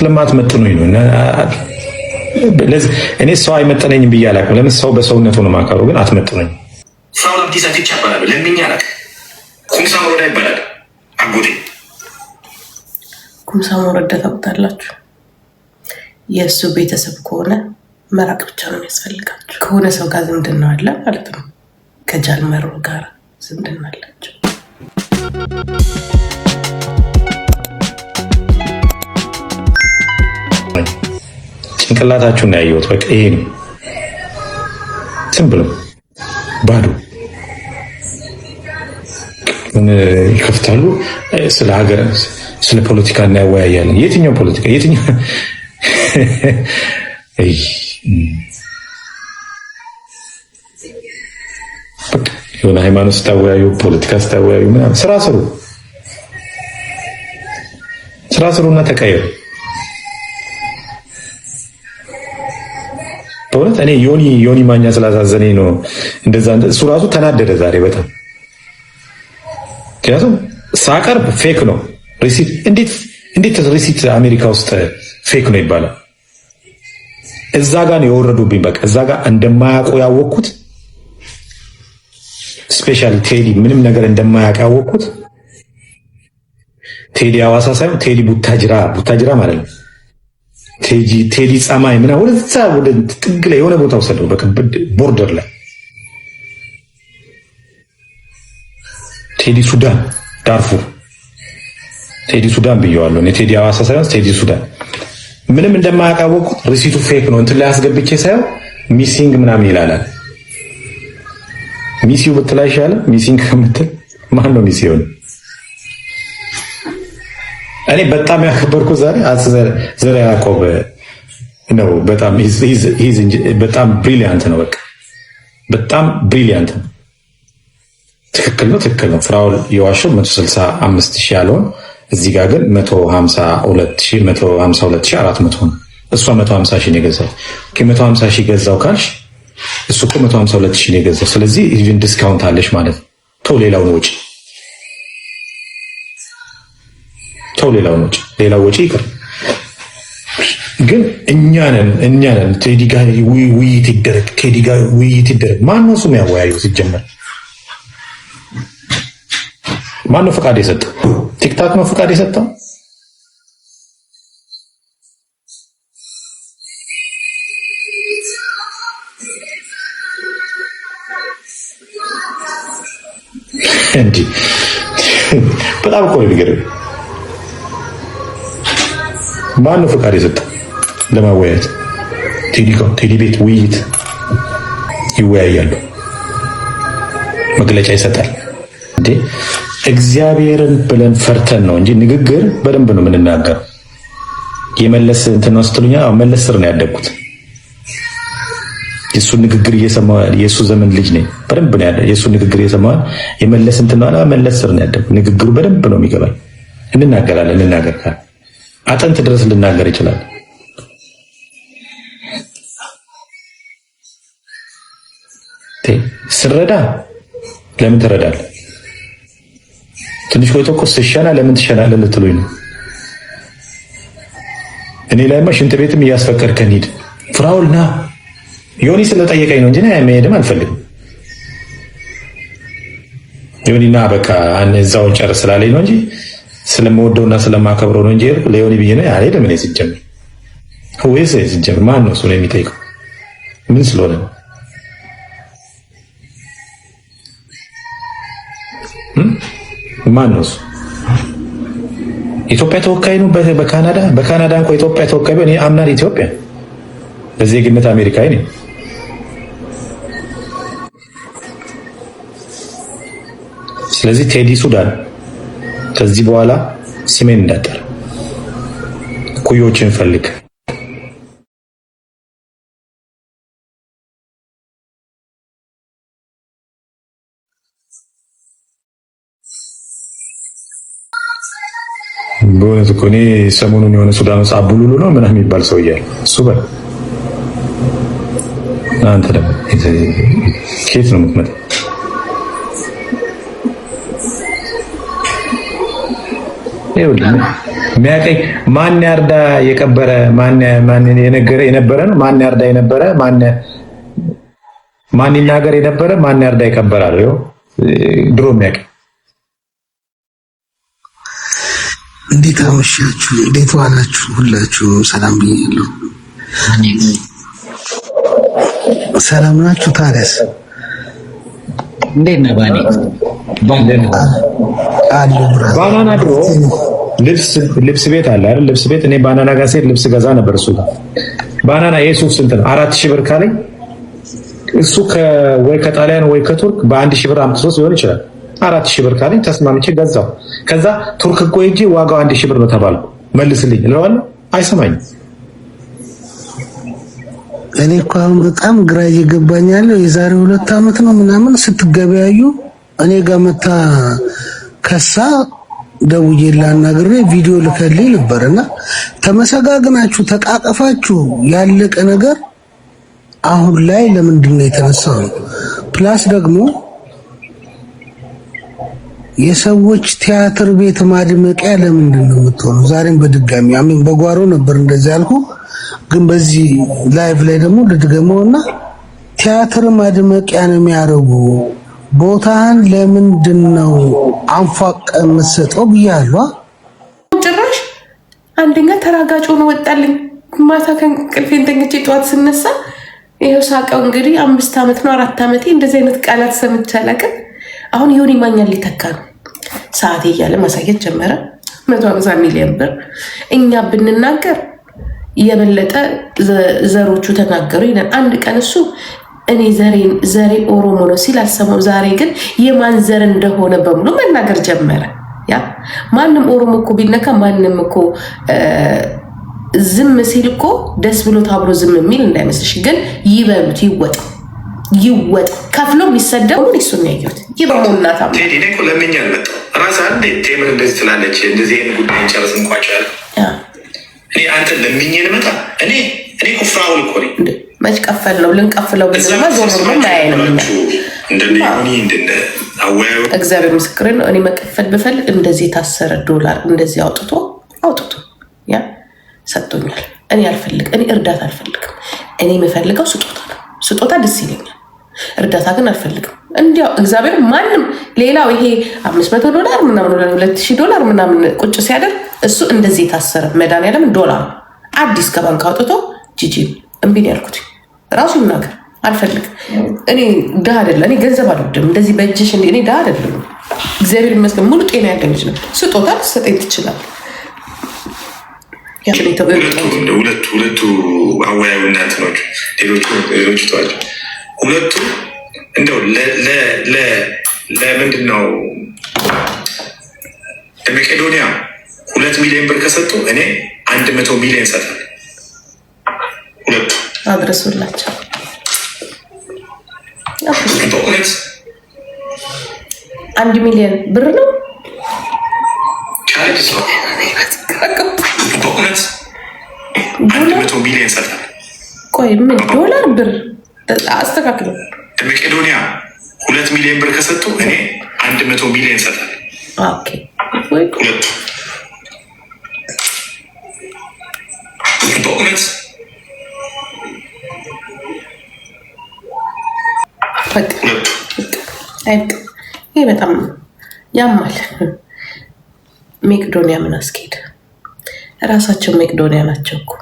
ስለማትመጥኑኝ ነው። እኔ ሰው አይመጠነኝም ብዬ አላውቅም። ለምን ሰው በሰውነቱ ነው የማከብረው፣ ግን አትመጥኑኝ። ሳውል አብዲሳ ፊቻ ይባላሉ። ለምኛ ላቅ ኩምሳ ይባላል። አጎቴ ኩምሳ ታውቁታላችሁ? የእሱ ቤተሰብ ከሆነ መራቅ ብቻ ነው የሚያስፈልጋቸው። ከሆነ ሰው ጋር ዝምድና አለ ማለት ነው። ከጃልመሮ ጋር ዝምድና አላቸው። ጭንቅላታችሁን ያየሁት በቃ ይሄ ነው። ዝም ብለው ባዶ ይከፍታሉ። ስለ ሀገር ስለ ፖለቲካ እናያወያያለን። የትኛው ፖለቲካ የትኛው የሆነ ሃይማኖት ስታወያዩ ፖለቲካ ስታወያዩ ምናምን ስራ ስሩ፣ ስራ ስሩና ተቀየሩ። በእውነት እኔ ዮኒ ዮኒ ማኛ ስላሳዘነኝ ነው እንደዛ። እሱ ራሱ ተናደደ ዛሬ በጣም ምክንያቱም ሳቀርብ ፌክ ነው ሪሲት። እንዴት እንዴት ሪሲት አሜሪካ ውስጥ ፌክ ነው ይባላል? እዛ ጋር ነው የወረዱብኝ። በቃ እዛ ጋር እንደማያውቁ ያወቅኩት ስፔሻል ቴዲ ምንም ነገር እንደማያውቅ ያወቅኩት ቴዲ አዋሳ ሳይሆን ቴዲ ቡታጅራ ቡታጅራ ማለት ነው ቴዲ ፀማይ ምናምን ወደዛ ወደ ጥግ ላይ የሆነ ቦታ ወሰደው በከበድ ቦርደር ላይ ቴዲ ሱዳን ዳርፉር ቴዲ ሱዳን ብየዋለሁ። እኔ ቴዲ አዋሳ ሳይሆን ቴዲ ሱዳን ምንም እንደማያቃወቁት ሪሲቱ ፌክ ነው እንትን ላይ አስገብቼ ሳየው ሚሲንግ ምናምን ይላላል። ሚሲው ብትል አይሻልም? ሚሲንግ ከምትል ማን ነው ሚሲ እኔ በጣም ያከበርኩ ዛሬ ዘራ ያዕቆብ ነው። በጣም በጣም ብሪሊያንት ነው። በቃ በጣም ብሪሊያንት ነው። ትክክል ነው። ትክክል ነው። ፍራውል የዋሸው 165 ሺህ ያለውን እዚህ ጋር ግን 152400 ነው። እሷ 150 ሺህ ነው የገዛው። 150 ሺህ ገዛው ካልሽ እሱ እኮ 152 ሺህ ነው የገዛው። ስለዚህ ኢቭን ዲስካውንት አለሽ ማለት ነው። ቶ ሌላውን ውጭ ተው ሌላውን ወጪ ሌላው ወጪ ይቅር። ግን እኛ ነን እኛ ነን ቴዲ ጋር ውይይት ይደረግ፣ ቴዲ ጋር ውይይት ይደረግ። ማን ነው እሱም ሲጀመር ማን ፈቃድ የሰጠው? ቲክታክ ነው ፈቃድ የሰጠው? እንዲህ በጣም ቆይ ነገር ማን ነው ፍቃድ የሰጠው ለማወያየት? ቴዲ ቤት ውይይት ይወያያሉ፣ መግለጫ ይሰጣል። እንዴ እግዚአብሔርን ብለን ፈርተን ነው እንጂ ንግግር በደንብ ነው የምንናገረው። የመለስ እንትን ነው ስትሉኛ፣ መለስ ስር ነው ያደግኩት። የእሱ ንግግር እየሰማ የእሱ ዘመን ልጅ ነኝ። በደንብ ነው ያለ የእሱ ንግግር እየሰማ የመለስ እንትን ነው መለስ ስር ነው ያደግኩት። ንግግሩ በደንብ ነው የሚገባኝ። እንናገራለን እንናገርካል አጥንት ድረስ ልናገር ይችላል። ስረዳ ለምን ትረዳል? ትንሽ ቆይቶ እኮ ስሸና ለምን ትሸናለህ ልትሉኝ ነው። እኔ ላይማ ሽንት ቤትም እያስፈቀድከን ሂድ ፍራውል ና ዮኒ ስለጠየቀኝ ነው እንጂ መሄድም አልፈልግም። ዮኒና በቃ እዛውን ጨርስ ስላለኝ ነው እንጂ ስለምወደውና ስለማከብረው ነው እንጂ ለዮኒ ብዬ ነው ያለ ለምን ሲጀምር ወይስ ሲጀምር ማን ነው እሱን የሚጠይቀው? ምን ስለሆነ ነው? ማን ነው እሱ? ኢትዮጵያ ተወካይ ነው በካናዳ በካናዳ እንኳን ኢትዮጵያ ተወካይ ቢሆን አምናር ኢትዮጵያ በዜግነት አሜሪካዊ ነኝ። ስለዚህ ቴዲ ሱዳን ከዚህ በኋላ ስሜን እንዳጠር ኩዮችን ፈልግ። በእውነት እኮ እኔ ሰሞኑን የሆነ ሱዳን ውስጥ አቡሉሉ ነው ምናምን የሚባል ሰው እያለ እሱ በል አንተ ደግሞ ከየት ነው የምትመጣው? ሚያቀኝ ማን ያርዳ የቀበረ ማን የነገረ የነበረ ነው። ማን ያርዳ የነበረ ማን ይናገር የነበረ ማን ያርዳ ይቀበራል። ድሮ ሚያቀኝ እንዴት አመሻችሁ? እንዴት ዋላችሁ? ሁላችሁ ሰላም ብያለሁ። ሰላም ናችሁ? ታዲያስ እንዴት ነህ ባኔ ባናና ድሮ ልብስ ቤት አለ አይደል? ልብስ ቤት እኔ ባናና ጋር ሴት ልብስ ገዛ ነበር። እሱ ጋር ባናና የሱ ስንት ነው? አራት ሺህ ብር ካለኝ እሱ ወይ ከጣሊያን ወይ ከቱርክ በአንድ ሺህ ብር አምጥቶ ሊሆን ይችላል። አራት ሺህ ብር ካለኝ ተስማምቼ ገዛው። ከዛ ቱርክ እኮ ሂጅ ዋጋው አንድ ሺህ ብር ነው ተባልኩ፣ መልስልኝ ለዋል አይሰማኝም። እኔ እኮ አሁን በጣም ግራ እየገባኝ ያለው የዛሬ ሁለት ዓመት ነው ምናምን ስትገበያዩ እኔ ጋር መታ ከሳ ደውዬላ አናግሬ ቪዲዮ ልከልኝ ነበር እና ተመሰጋግናችሁ ተቃቀፋችሁ ያለቀ ነገር አሁን ላይ ለምንድን ነው የተነሳው? ፕላስ ደግሞ የሰዎች ቲያትር ቤት ማድመቂያ ለምንድን ነው የምትሆነው? ዛሬም በድጋሚ አሜን በጓሮ ነበር እንደዚህ ያልኩ፣ ግን በዚህ ላይቭ ላይ ደግሞ ልድገመውና ቲያትር ማድመቂያ ነው የሚያደርጉ ቦታን ለምንድን ነው አንፏቅ የምትሰጠው ብያለሁ። ጭራሽ አንደኛ ተራጋጭ ሆኖ ወጣልኝ። ማታ ከእንቅልፌ ተኝቼ ጠዋት ስነሳ ይኸው ሳቀው። እንግዲህ አምስት ዓመት ነው አራት ዓመቴ እንደዚህ አይነት ቃላት ሰምቼ አላውቅም። አሁን ዮኒ ማኛን ሊተካ ነው ሰዓቴ እያለ ማሳየት ጀመረ። መቶ ሃምሳ ሚሊዮን ብር እኛ ብንናገር የበለጠ ዘሮቹ ተናገሩ ይላል። አንድ ቀን እሱ እኔ ዘሬ ኦሮሞ ነው ሲል አልሰማሁም። ዛሬ ግን የማን ዘር እንደሆነ በሙሉ መናገር ጀመረ። ያ ማንም ኦሮሞ እኮ ቢነካ ማንም እኮ ዝም ሲል እኮ ደስ ብሎት አብሮ ዝም የሚል እንዳይመስልሽ። ግን ይበሉት፣ ይወጥ ይወጥ ከፍሎ የሚሰደው ምን እሱ የሚያየት ይበሉ እናታ ለምኛ ልመጣ ራስ አንድ ቴምን እንደዚህ ትላለች እንደዚህ ጉዳይ ጨርስ እንቋጫ ያለ እኔ አንተ ለምኝ ልመጣ እኔ እኔ ኩፍራውል እኮ ነኝ መች ቀፈል ነው ልንቀፍለው ብለማ ዞር ብሎ እግዚአብሔር ምስክር ነው። እኔ መቀፈል ብፈልግ እንደዚህ የታሰረ ዶላር እንደዚህ አውጥቶ አውጥቶ ያ ሰጥቶኛል። እኔ አልፈልግ እኔ እርዳታ አልፈልግም። እኔ የምፈልገው ስጦታ ነው። ስጦታ ደስ ይለኛል። እርዳታ ግን አልፈልግም። እንዲያው እግዚአብሔር ማንም ሌላው ይሄ አምስት መቶ ዶላር ምናምን ሁለት ሺህ ዶላር ምናምን ቁጭ ሲያደርግ እሱ እንደዚህ የታሰረ መድኃኒዓለም ዶላር አዲስ ከባንክ አውጥቶ ጂጂ እምቢ ነው ያልኩት። ራሱ ይናገር አልፈልግም። እኔ ድሃ አይደለም፣ እኔ ገንዘብ አልወድም። እንደዚህ በእጅሽ እኔ ድሃ አይደለም። እግዚአብሔር ይመስገን ሙሉ ጤና ያገኘች ነው። ስጦታ ልትሰጠኝ ትችላል። ሁለቱ ሁለቱ አወያዩ እናንተ ናቸው። ሌሎቹ ሌሎቹ ሁለቱ እንደው ለምንድን ነው ለመቄዶኒያ ሁለት ሚሊዮን ብር ከሰጡ እኔ አንድ መቶ ሚሊዮን ሰጣል ሁለቱ አድርሱላቸው። አንድ ሚሊዮን ብር ነው። ቆይ ምን ዶላር ብር አስተካክሉ። መቄዶኒያ ሁለት ሚሊዮን ብር ከሰጡ እኔ አንድ መቶ ሚሊዮን ሰጣል። በእውነት ሳይብቅ ይሄ በጣም ያማል። ሜቄዶኒያ ምን አስኬድ እራሳቸው ሜቄዶኒያ ናቸው እኮ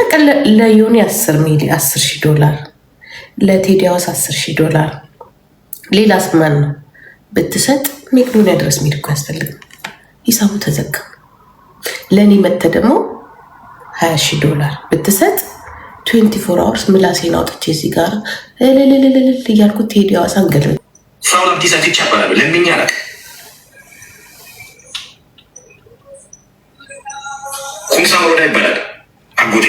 በቃ ለዮኒ አስር ሚሊ አስር ሺህ ዶላር ለቴዲ አዋሳ አስር ሺህ ዶላር ሌላ ስማን ነው ብትሰጥ ሜቄዶኒያ ድረስ ሚሄድ እኮ ያስፈልግም። ሂሳቡ ተዘጋ። ለእኔ መተ ደግሞ ሀያ ሺህ ዶላር ብትሰጥ ትዌንቲ ፎር አወርስ ምላሴን አውጥቼ እዚህ ጋር ልልልልል እያልኩት ቴዲ አዋሳን ገለ ሳሁን አዲስ አዲች ያባላሉ ለምኛ ላቅ ኩምሳ ወረዳ ይባላል። አጎዴ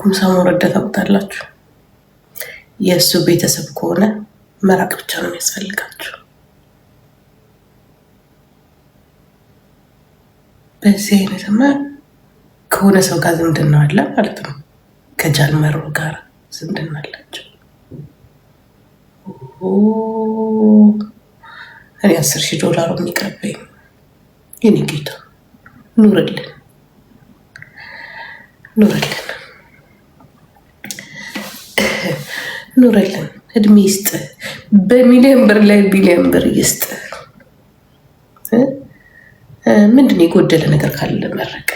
ኩምሳ ወረዳ ታውቁታላችሁ። የእሱ ቤተሰብ ከሆነ መራቅ ብቻ ነው የሚያስፈልጋችሁ። በዚህ አይነት ማ ከሆነ ሰው ጋር ዝምድና አለ ማለት ነው። ከጃልመሮ ጋር ዝምድና አላቸው። እኔ አስር ሺህ ዶላሩ የሚቀርበኝ የኔ ጌታ ኑርልን፣ ኑርልን፣ ኑርልን እድሜ ይስጥ። በሚሊዮን ብር ላይ ቢሊዮን ብር ይስጥ። ምንድን የጎደለ ነገር ካለ መረቀ